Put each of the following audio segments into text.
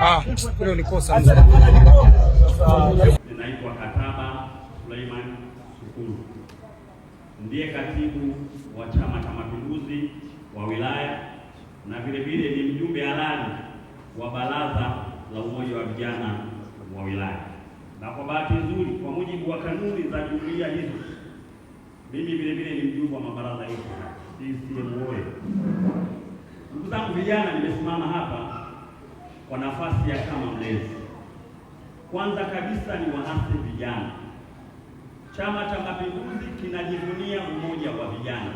Ah, hilo ni kosa. Naitwa Kataba Suleiman Shukuru, ndiye katibu wa Chama cha Mapinduzi wa wilaya na vile vile ni mjumbe halali wa baraza la umoja wa vijana wa wilaya, na kwa bahati nzuri, kwa mujibu wa kanuni za jumuiya hizo mimi vile vile ni mjumbe wa mabaraza hiyo CCM. Ndugu zangu vijana, nimesimama hapa kwa nafasi ya kama mlezi. Kwanza kabisa ni waasi vijana. Chama cha Mapinduzi kinajivunia umoja wa vijana.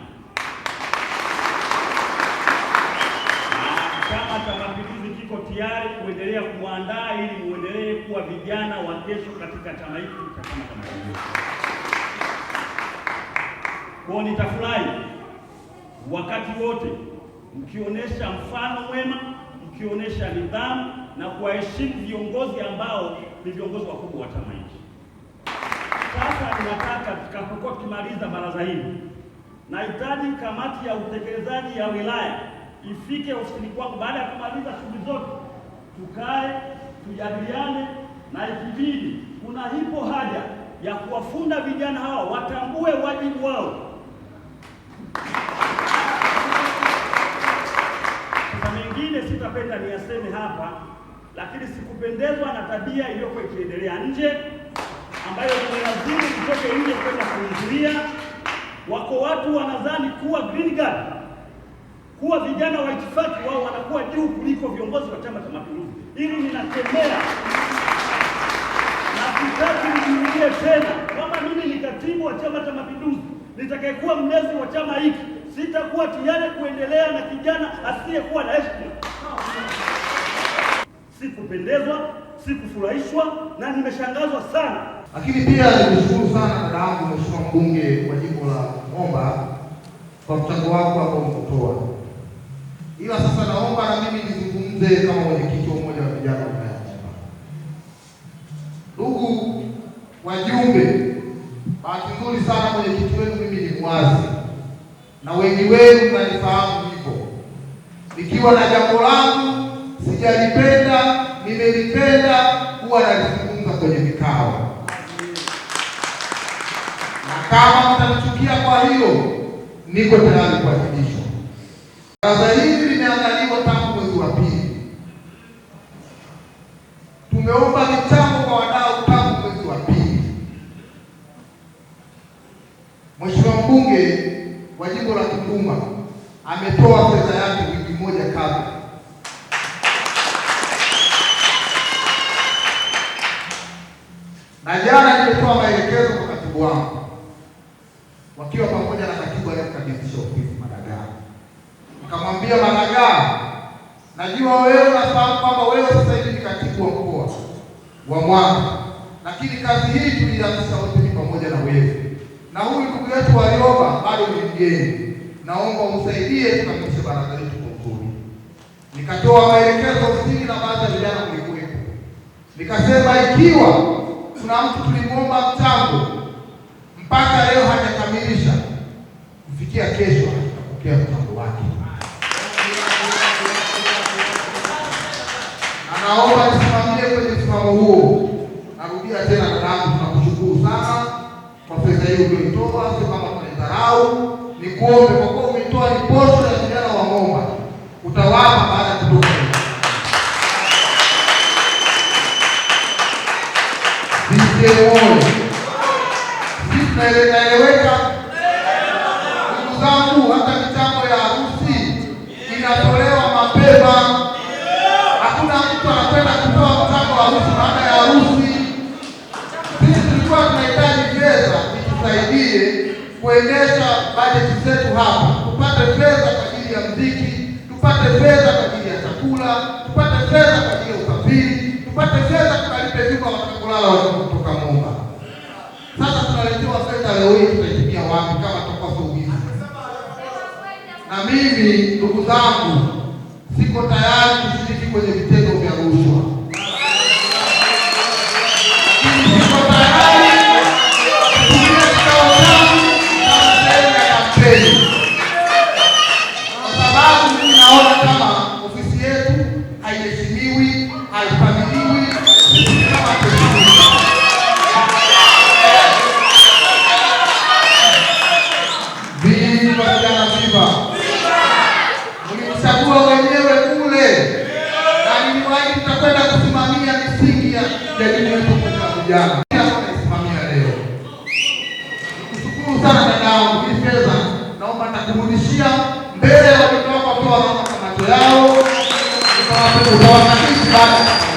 Chama cha Mapinduzi kiko tayari kuendelea kuandaa ili muendelee kuwa vijana wa kesho katika chama hiki cha Chama cha Mapinduzi. Kwa nitafurahi wakati wote mkionyesha mfano mwema, mkionyesha nidhamu na kuwaheshimu viongozi ambao ni viongozi wakubwa wa chama hiki. Sasa tunataka tukapokuwa tukimaliza baraza hili, nahitaji kamati ya utekelezaji ya wilaya ifike ofisini kwangu baada ya kumaliza shughuli zote, tukae tujadiliane, na ikibidi kuna hipo haja ya kuwafunda vijana hawa watambue wajibu wao napenda niyaseme hapa, lakini sikupendezwa na tabia iliyokuwa ikiendelea nje ambayo lazima kutoke nje kwenda kuhudhuria. Wako watu wanadhani kuwa green guard, kuwa vijana wa itifaki wao wanakuwa juu kuliko viongozi wa Chama cha Mapinduzi. Hili ninatemea na sitaki nijiulie tena kama mimi ni katibu wa Chama cha Mapinduzi nitakayekuwa mlezi wa chama hiki, sitakuwa tayari kuendelea na kijana asiyekuwa na heshima sikupendezwa, sikufurahishwa na nimeshangazwa sana. Lakini pia nimeshukuru sana dada yangu Mheshimiwa mbunge wa jimbo la Momba kwa mchango wako hapo mkutoa, ila sasa naomba na mimi nizungumze kama mwenyekiti wa umoja wa vijana wa Ndugu wajumbe, bahati nzuri sana mwenyekiti wenu mimi ni mwazi na wengi wenu mnanifahamu hivyo. Nikiwa na jambo langu sijalipenda, nimelipenda kuwa nalizungumza kwenye vikao, na kama mtanichukia, kwa hiyo niko tayari kuadhibishwa. akaenda kukabidhisha ofisi managaa Nikamwambia Madagaa, najua wewe unafahamu kwamba wewe sasa hivi ni katibu wa mkoa wa Mwanza, lakini kazi hii tulianzisha wote pamoja na wewe, na huyu ndugu yetu Warioba bado ni mgeni, naomba umsaidie tukamilishe baraza letu kwa uzuri. Nikatoa maelekezo ofisini na baadhi ya vijana kulikuwepo, nikasema ikiwa kuna mtu tulimwomba mchango mpaka leo hajakamilisha fikia kesho atapokea mchango wake. Naomba tusimamie kwenye msimamo huo. Narudia tena, dadangu, tunakushukuru sana kwa fedha hiyo ulioitoa, sio kama tunadharau, ni kuombe kuendesha bajeti zetu hapa, tupate fedha kwa ajili ya mziki, tupate fedha kwa ajili ya chakula, tupate fedha kwa ajili ya usafiri, tupate fedha tukalipe kulala watakaolala kutoka Momba. Sasa tunaletewa fedha leo hii, tutaitumia wapi kama tutakosugiza? Na mimi ndugu zangu, siko tayari kushiriki kwenye vitendo But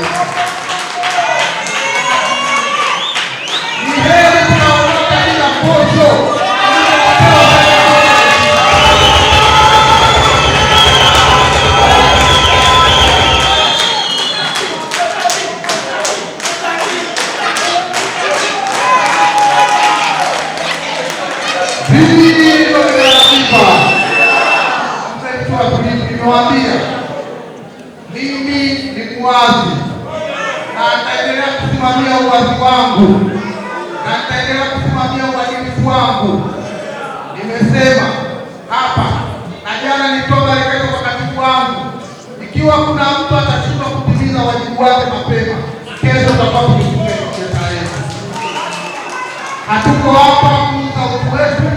wazi na nitaendelea kusimamia uwazi wangu na nitaendelea kusimamia uadilifu wangu. Nimesema hapa na jana nitoka nikaenda kwa katibu wangu, ikiwa kuna mtu atashindwa kutimiza wajibu wake mapema, kesho tutakuwa hatuko hapa kuuza utu wetu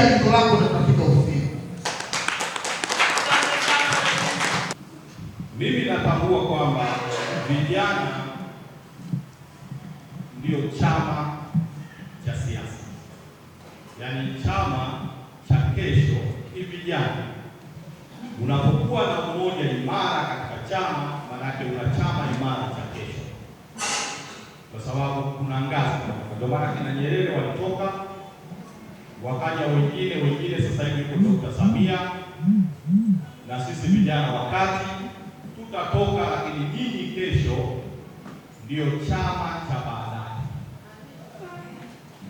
kila jicho lako na tunafika Mimi natambua kwamba vijana ndio chama cha siasa, yaani chama cha kesho ni vijana. Unapokuwa na umoja imara katika chama, manake una chama imara cha kesho, kwa sababu kuna ngazi. Ndio maana kina Nyerere walitoka wakaja wengine wengine, sasa hivi kutoka Samia na sisi vijana wakati tutatoka, lakini nyinyi kesho ndiyo chama cha baadaye.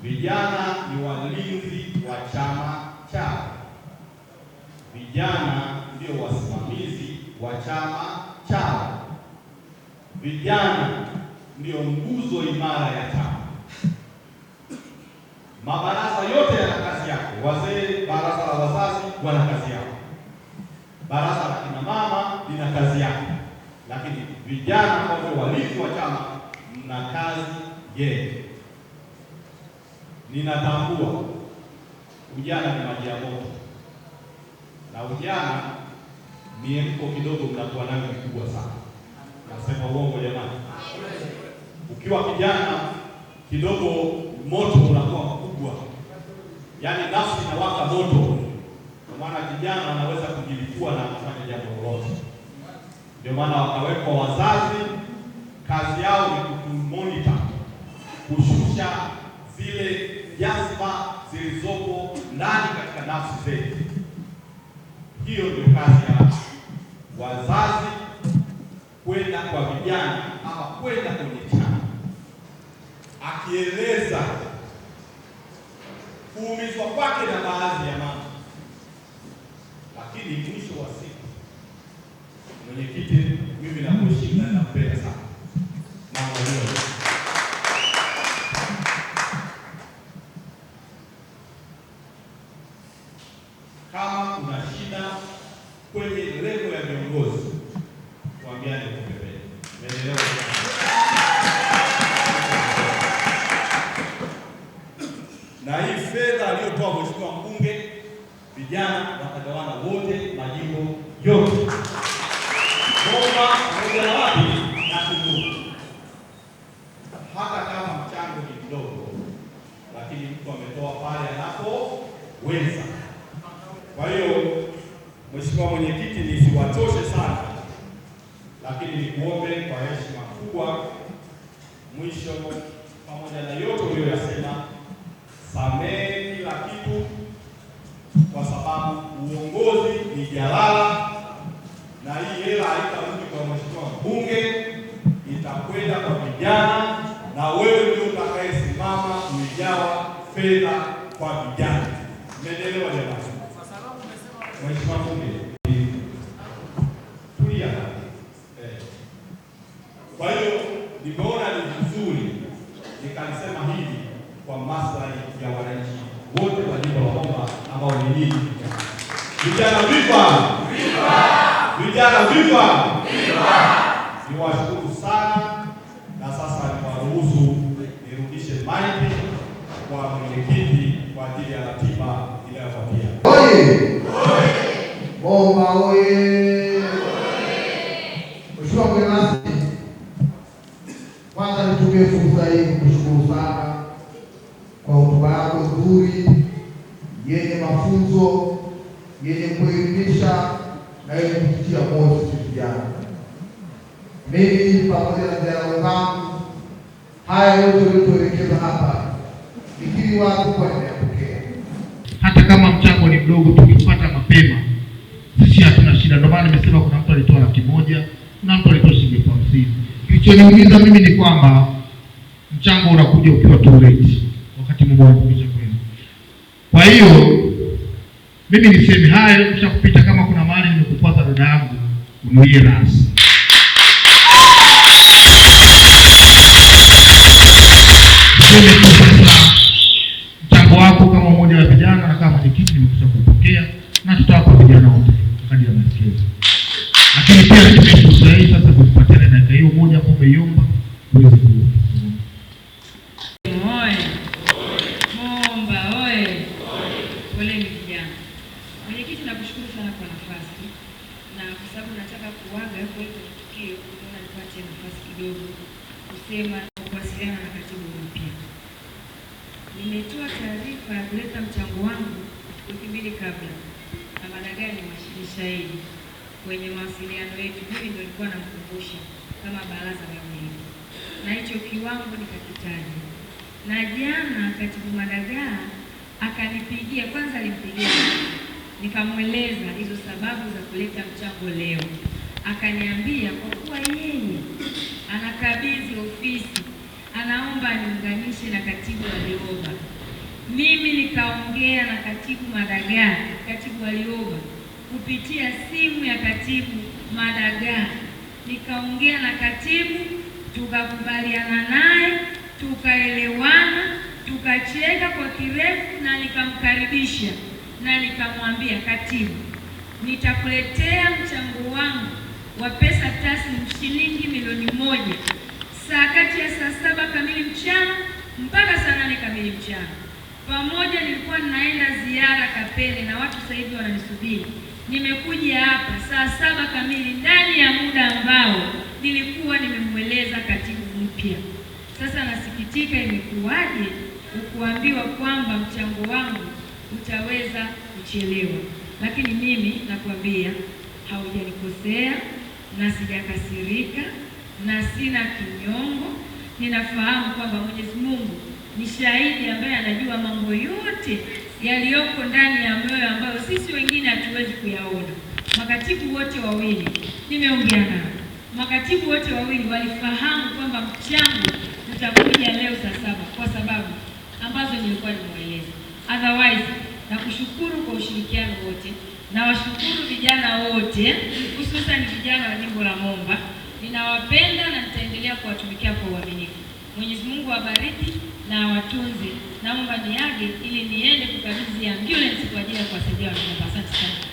Vijana ni walinzi wa chama chao, vijana ndio wasimamizi wa chama chao, vijana ndiyo nguzo imara ya chama. Mabaraza yote yanaka wazee, baraza la wazazi wana kazi yao, baraza la kina mama lina kazi yake, lakini vijana ambao walizi wa chama mna kazi yenu. Ninatambua ujana ni maji ya moto, na ujana miemko kidogo mnakuwa nayo mikubwa sana. Nasema uongo jamani? Ukiwa kijana kidogo moto unakuwa yaani nafsi inawaka moto, maana kijana anaweza kujilipua na kufanya jambo lolote. Ndio maana wakawekwa wazazi, kazi yao ni kutumonitor, kushusha zile jazba zilizopo ndani katika nafsi zetu. Hiyo ndio kazi ya wazazi kwenda kwa vijana ama kwenda kwenye chama akieleza kutekelezwa kwake na baadhi ya mambo, lakini mwisho wa siku, mwenyekiti, mimi nakuheshimu na nakupenda mheshimiwa mbunge itakwenda kwa vijana, na wewe ndio utakayesimama umejawa fedha kwa vijana. Mmeelewa jamani? Mheshimiwa mbunge tulia. Eh. Kwa hiyo nimeona ni vizuri nikasema hivi kwa maslahi ya wananchi wote wa jimbo la ambao ni nyinyi vijana. Vipa vijana, vipa. Niwashukuru sana na sasa niwaruhusu nirudishe maiki kwa mwenyekiti kwa ajili ya ratiba inayofuatia. Oye! Bomba oye! Mheshimiwa mgeni rasmi, kwanza nitumie fursa hii kukushukuru sana kwa hotuba yako nzuri yenye mafunzo yenye kuelimisha na yenye kututia moyo sisi vijana mimi pamoja na vijana wangu, haya yote ulituelekeza hapa, nikili watu kwa Hata kama mchango ni mdogo, tukipata mapema sisi hatuna shida. Ndio maana nimesema kuna mtu alitoa laki moja na mtu alitoa shilingi elfu hamsini. Kilichoniumiza mimi ni kwamba mchango unakuja ukiwa too late wakati mmoja. Kwa hiyo mimi niseme haya kupita, kama kuna mahali nimekupata dada yangu, unuie nasi Momba oye! Poleni vijana. Mwenyekiti, nakushukuru sana kwa nafasi na kwa sababu nataka kuaga kwenye tukio, naona nipate nafasi kidogo kusema kuwasiliana na katibu mpya. Nimetoa taarifa ya kuleta mchango wangu wiki mbili kabla, na maana gani ni shahidi kwenye mawasiliano yetu. Mimi ndio nilikuwa namkumbusha kama baraza la Mwenyekiti na hicho kiwango nikakitaja. Na jana katibu madagaa akanipigia, kwanza alimpigia nikamweleza hizo sababu za kuleta mchango leo, akaniambia kwa kuwa yeye anakabidhi ofisi, anaomba aniunganishe na katibu Lioba. Mimi nikaongea na katibu madagaa, katibu Lioba kupitia simu ya katibu madagaa, nikaongea na katibu tukakubaliana naye, tukaelewana, tukacheka kwa kirefu, na nikamkaribisha na nikamwambia, katibu, nitakuletea mchango wangu wa pesa taslimu shilingi milioni moja saa kati ya saa saba kamili mchana mpaka saa nane kamili mchana. Pamoja nilikuwa ninaenda ziara Kapele na watu sasa hivi wananisubiri. Nimekuja hapa saa saba kamili ndani ya muda ambao nilikuwa nimemweleza katibu mpya. Sasa nasikitika, imekuwaje ukuambiwa kwamba mchango wangu utaweza kuchelewa? Lakini mimi nakwambia haujanikosea, na sijakasirika na sina kinyongo. Ninafahamu kwamba Mwenyezi Mungu ni shahidi ambaye anajua mambo yote yaliyoko ndani ya moyo ambayo sisi wengine hatuwezi kuyaona. Makatibu wote wawili nimeongea nao makatibu wote wawili walifahamu kwamba mchango utakuja leo saa saba kwa sababu ambazo nilikuwa nimeeleza. Otherwise, nakushukuru kwa ushirikiano wote, nawashukuru vijana wote, hususan vijana wa jimbo la Momba. Ninawapenda na nitaendelea kuwatumikia kwa uaminifu. Mwenyezi Mungu awabariki na awatunze. Naomba niage ili niende kukabidhi ambulance kwa ajili ya kuwasaidia wanaomba. Asante sana.